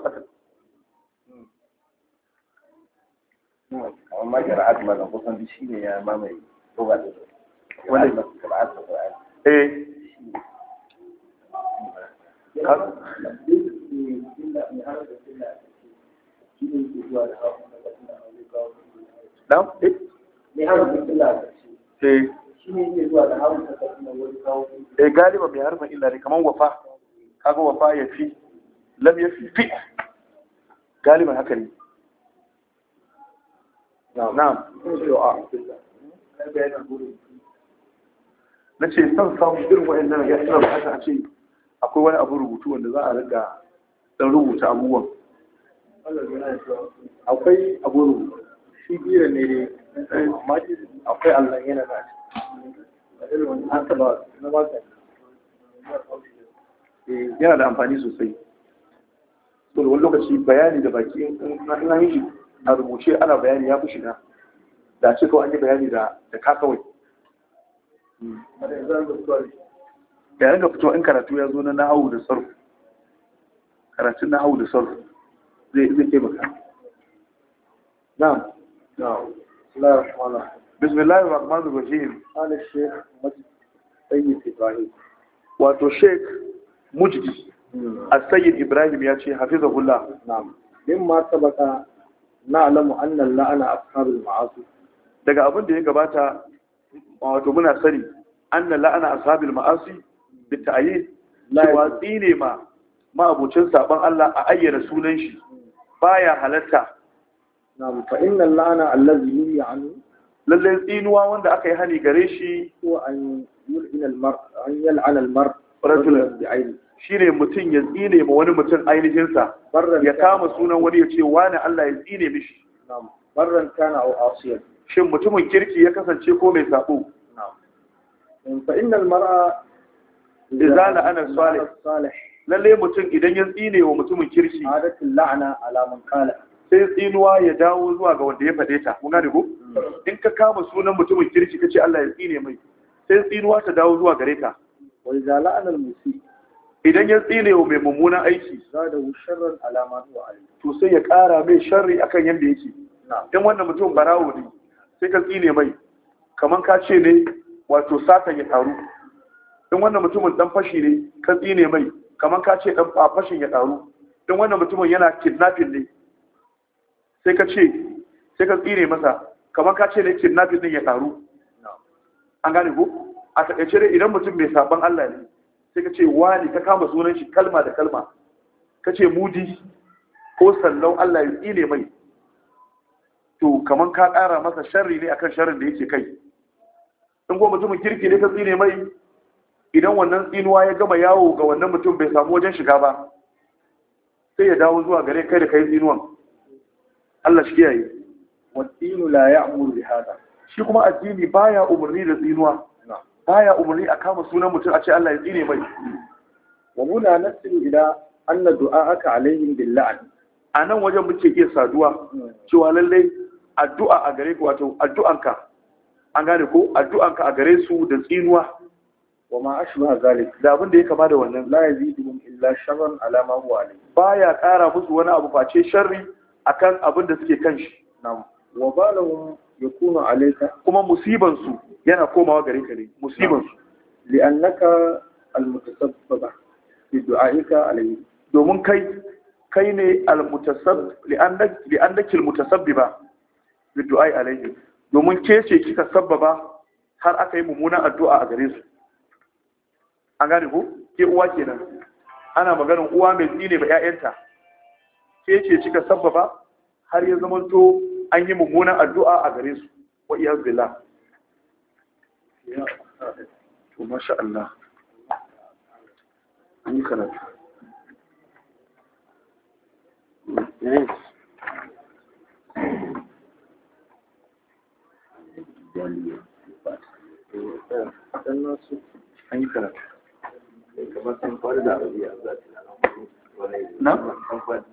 amma qira'at ma da kusan bi shine ya mamaye ruba da wanda qira'at da qira'at eh Na'am? Eh? Ne har da Eh. E, galiba mai harfa illa ne kamar wafa kaga wafa ya fi lam ya fi fi galiban haka ne na'am na ce son samun irin nan ya suna haka a ce akwai wani abu rubutu wanda za a riga dan rubuta abubuwan akwai abu rubutu shi biyar ne dai akwai allon yana da Eh, yana da amfani sosai so da wani lokaci bayani da baki na yi shi a rubuce ana bayani ya fi na da ce kawai an yi bayani da ka kawai da ga fito in karatu ya zo na nahawu da Zai karatun nahawu da sarfu zai zai na'am na'am بسم الله الرحمن الرحيم قال الشيخ مجد سيد إبراهيم واتو شيخ مجد السيد إبراهيم ياتي حفظه الله نعم مما سبق نعلم أن اللعنة أصحاب المعاصي daga abin da ya gabata wato muna sani anna la'ana ashabil ma'asi bi ta'yid cewa tsine ma ma'abucin saban Allah a ayyana sunan shi baya halatta na'am la'ana lallai tsinuwa wanda aka yi hani gare shi ko an yul'in almar an yal'an almar rajulan bi aini shine mutum ya tsine ma wani mutum ainihin sa ya kama sunan wani ya ce wani Allah ya tsine mishi na'am barran kana au asiyan shin mutumin kirki ya kasance ko mai sabo na'am fa innal mar'a idza la'ana salih lalle mutum idan ya tsine wa mutumin kirki adatul la'na ala man qala sai tsinuwa ya dawo zuwa ga wanda ya fade ta kun gane ko in ka kama sunan mutumin kirki kace Allah ya tsine mai sai tsinuwa ta dawo zuwa gare ka wa idza la'ana al idan ya tsine wa mai mummunan aiki za da sharran alama zuwa alayhi to sai ya kara mai sharri akan yanda yake dan wannan mutum barawo ne sai ka tsine mai kaman ka ce ne wato satan ya taru dan wannan mutumin dan fashi ne ka tsine mai kaman ka ce dan fashin ya taru dan wannan mutumin yana kidnapping ne sai ka ce sai ka tsine masa kamar ka ce ne nafi din ya taru. an gane ko a takaice dai idan mutum mai sabon Allah ne sai ka ce wani ka kama sunan shi kalma da kalma ka ce mudi ko sallau Allah ya tsine mai to kamar ka ƙara masa sharri ne akan sharrin da yake kai in ko mutumin kirki ne ka tsine mai idan wannan tsinuwa ya gama yawo ga wannan mutum bai samu wajen shiga ba sai ya dawo zuwa gare kai da kai tsinuwan Allah shi kiyaye wasinu la ya'muru bi hada shi kuma addini baya umarni da tsinuwa baya umarni a kama sunan mutum a ce Allah ya tsine mai wa muna nasiru ila anna du'a'aka alaihim bil A anan wajen muke iya saduwa cewa lalle addu'a a gare ku wato addu'anka an gane ko addu'anka a gare su da tsinuwa wa ma ashba zalik da abin da ya kama da wannan la yazidum illa sharran ala ma huwa alaihi baya kara musu wani abu face sharri akan abin da suke kan shi na'am wa ya kuma alayka kuma musibansu yana komawa gare ka ne Li'an su li'annaka al-mutasabbaba bi du'aika alayhi domin kai kai ne al-mutasabb li'annaka li'annaka al-mutasabbiba bi alayhi domin ke ce kika sabbaba har aka yi mummunan addu'a a gare su an gane ko ke uwa kenan ana maganin uwa mai tsine ba 'ya'yanta ke ce kika sabbaba har ya zamanto an yi mummunan addu'a a gare su wa iya zila to masha Allah an yi karatu an yi karatu kamar sun faru da arabiya za su na? sun faru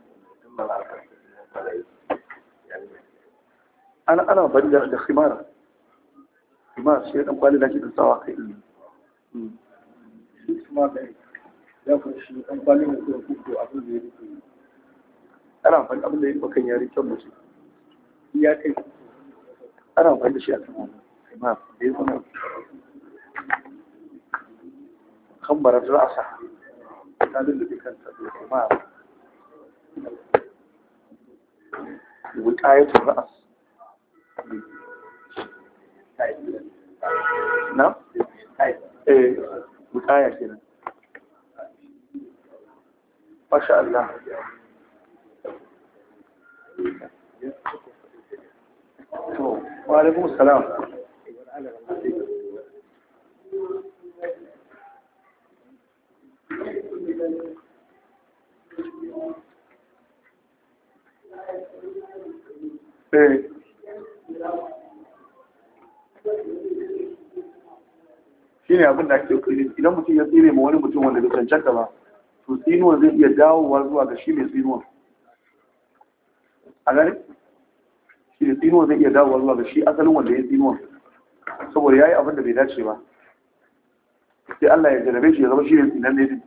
da arabiya ana ana bari da da khimar khimar shi dan kwali da shi da sawa kai shi kuma da ya shi dan kwali ne ko ko abin da yake ana amfani abin da yake bakan ya kan mutum ya kai ana amfani da shi a kan khimar da ya kuma خمرت رأسه قال اللي ta kuma وقاية الرأس na? eh wukaya kenan masha Allah to wa alaikum salam eh shi ne abin da ake kiri idan mutum ya tsire ma wani mutum wanda bai cancanta ba to tsinuwa zai iya dawowa zuwa ga shi mai tsinuwa a gani shi ne tsinuwa zai iya dawowa zuwa ga shi asalin wanda ya tsinuwa saboda ya yi abin da bai dace ba sai Allah ya jarabe shi ya zama shi ne tsinan ne din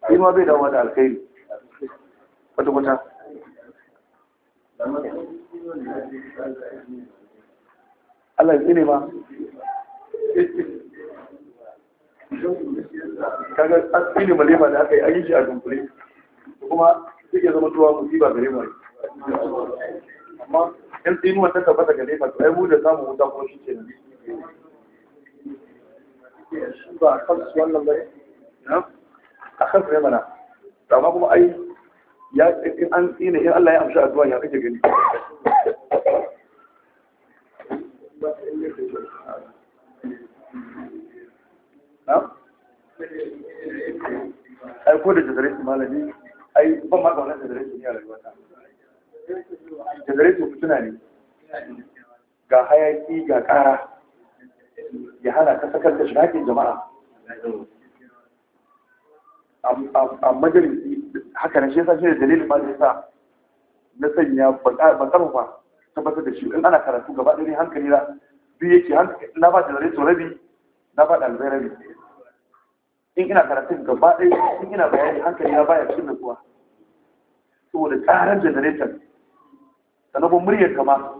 tsinuwa bai dawowa da alkhairi kwata-kwata Allah ya tsire ma kaga an tsire ma lema da aka yi an shi a dunkule kuma suke zama tuwa musiba gare mu amma in tsinuwa ta tabbata gare ma ai mu da samun wuta ko shi ke nan ba a kansu wannan bai a kansu ne mana amma kuma ai ya in an tsine in Allah ya amshi addu'a ya kake gani ai ko da jazare su malami ai ban ma kaunar jazare su ne a rayuwata jazare su mutuna ne ga hayaki ga kara ya hana ka sakar da shirakin jama'a a majalisi haka ne shi yasa shi ne dalilin ba da sa na sanya ba karfafa tabbatar da shi in ana karatu gaba ɗaya hankali na biyu yake na ba da rareto rabi na ba ɗalibai rabi in ina karatun gaba ɗaya in ina bayani hankali na baya cikin nasuwa saboda tsarar generator sannan kuma muryar kama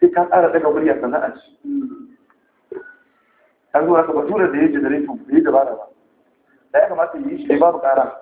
sai ka tsara daga muryar sana'a. a ci kan zuwa ka tura da ya generator yi dabara ba da ya kamata yi shi babu ƙara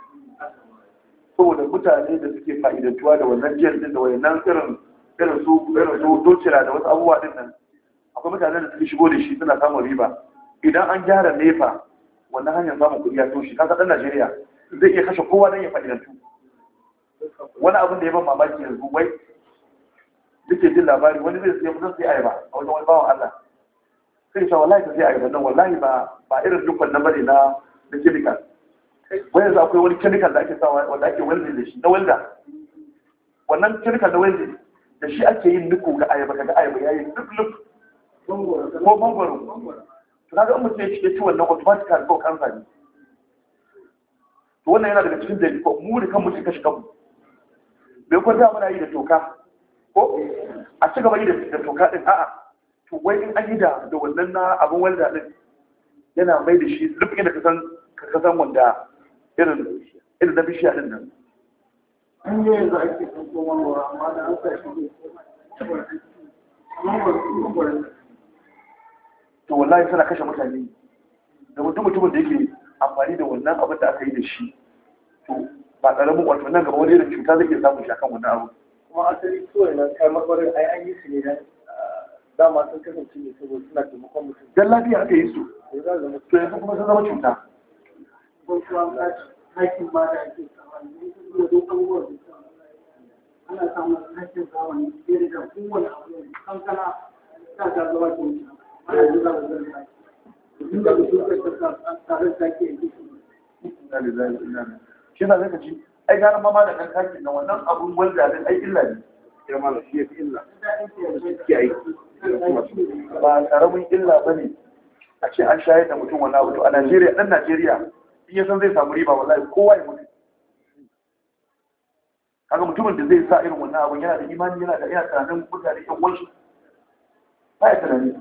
saboda mutane da suke fa'idantuwa da wannan jiyar din da wayannan irin irin su irin su da wasu abubuwa din nan akwai mutane da suke shigo da shi suna samun riba idan an gyara nefa wannan hanyar samun kuɗi ya toshi kasa ɗan najeriya zai iya kashe kowa don ya fa'idantu wani abin da ya ban mamaki yanzu wai duke jin labari wani zai sai mutum sai ayaba a wajen wani bawan allah sai ya sha wallahi ta sai ayaba nan wallahi ba ba irin dukkan na bane na na chemical wai akwai wani chemical da ake sawa wanda ake welding da shi na welda wannan chemical na welding da shi ake yin nuku ga ayaba kaga ayaba yayi duk duk ko mangoro to kaga in mutum ya ci wannan automatically ko kansa ne to wannan yana daga cikin dalili ko mu da kanmu shi kashi kanmu bai ko da muna yi da toka ko a ci gaba yi da toka din a'a to wai in an yi da da wannan na abin welder din yana mai da shi duk inda ka san ka san wanda irin irin na bishiya din nan an yi yanzu ake kanko mangoro amma da an sa shi ne to wallahi suna kashe mutane da wani mutumin da yake amfani da wannan abin da aka yi da shi to ba ƙaramin wato nan gaba wani irin cuta zai iya samun shi akan wannan abu kuma asali kawai nan kai makwarin ai an yi su ne dan dama sun kasance ne saboda suna taimakon mutum dan lafiya aka yi su to yanzu kuma sun zama cuta ko kuwa haƙƙin ba da da da kankana yi da mutum da shi na zaka ci ai gara mama da ɗan kakin na wannan abun wanda ɗin ai illa ne ya mana shi ya fi illa ba karamin illa ba ne a ce an shayar da mutum wani abu a najeriya dan najeriya in ya san zai samu riba wallahi kowa ya mutu kaga mutumin da zai sa irin wannan abun yana da imani yana da yana tunanin mutane yan wanshi ba ya tunani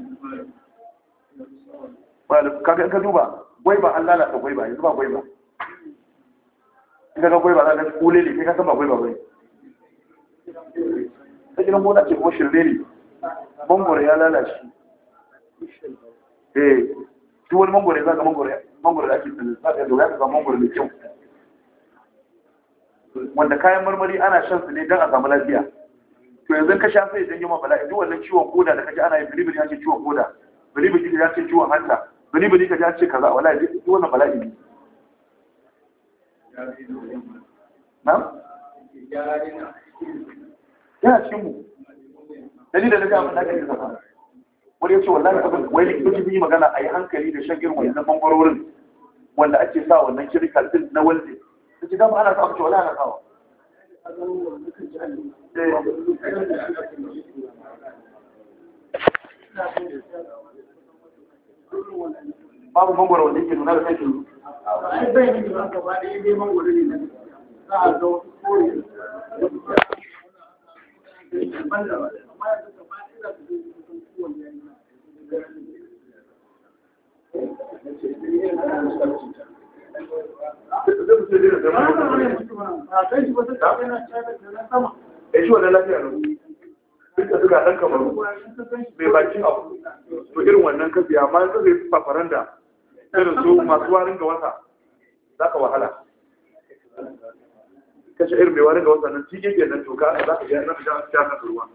kaga in ka duba ba an lalata ba yanzu ba ba in ka ga gwaiba za ka kule ne sai ka san ba ba gwai ta gidan mota ce kuma shirme ne mangoro ya lalace eh duk wani mangoro za ka mangoro da ake tsanin za ka ya samu mangoro da kyau wanda kayan marmari ana shan su ne don a samu lafiya to yanzu ka sha sai janyo ma bala'i duk wannan ciwon koda da kaje ana yi bilibili ya ce ciwon koda bilibili ya ce ciwon hanta bilibili ka ya ce kaza wala duk wannan bala'i ne na? yana cikin mu dalilin da ga abin da ake zama wani ya ce wallahi abin wai likitoci yi magana a yi hankali da shan wani na bangarorin wanda ake sa wannan kirkal din na walde da ci dama ana sawa ce wallahi ana sawa eh. babu mangwaro wanda yake nuna da kai turu bai yi ba gaba ɗaya dai mangoro ne za a zo koyi ban da ba amma yanzu gaba ɗaya za su zo ya shi wannan lafiya ne duk da suka dan kamar mai bakin abu to irin wannan kafi amma yanzu zai fafaran da irin su masu warin ga wata za ka wahala kashe irin mai warin ga wata nan cikin nan toka za ka yi nan da ta ruwa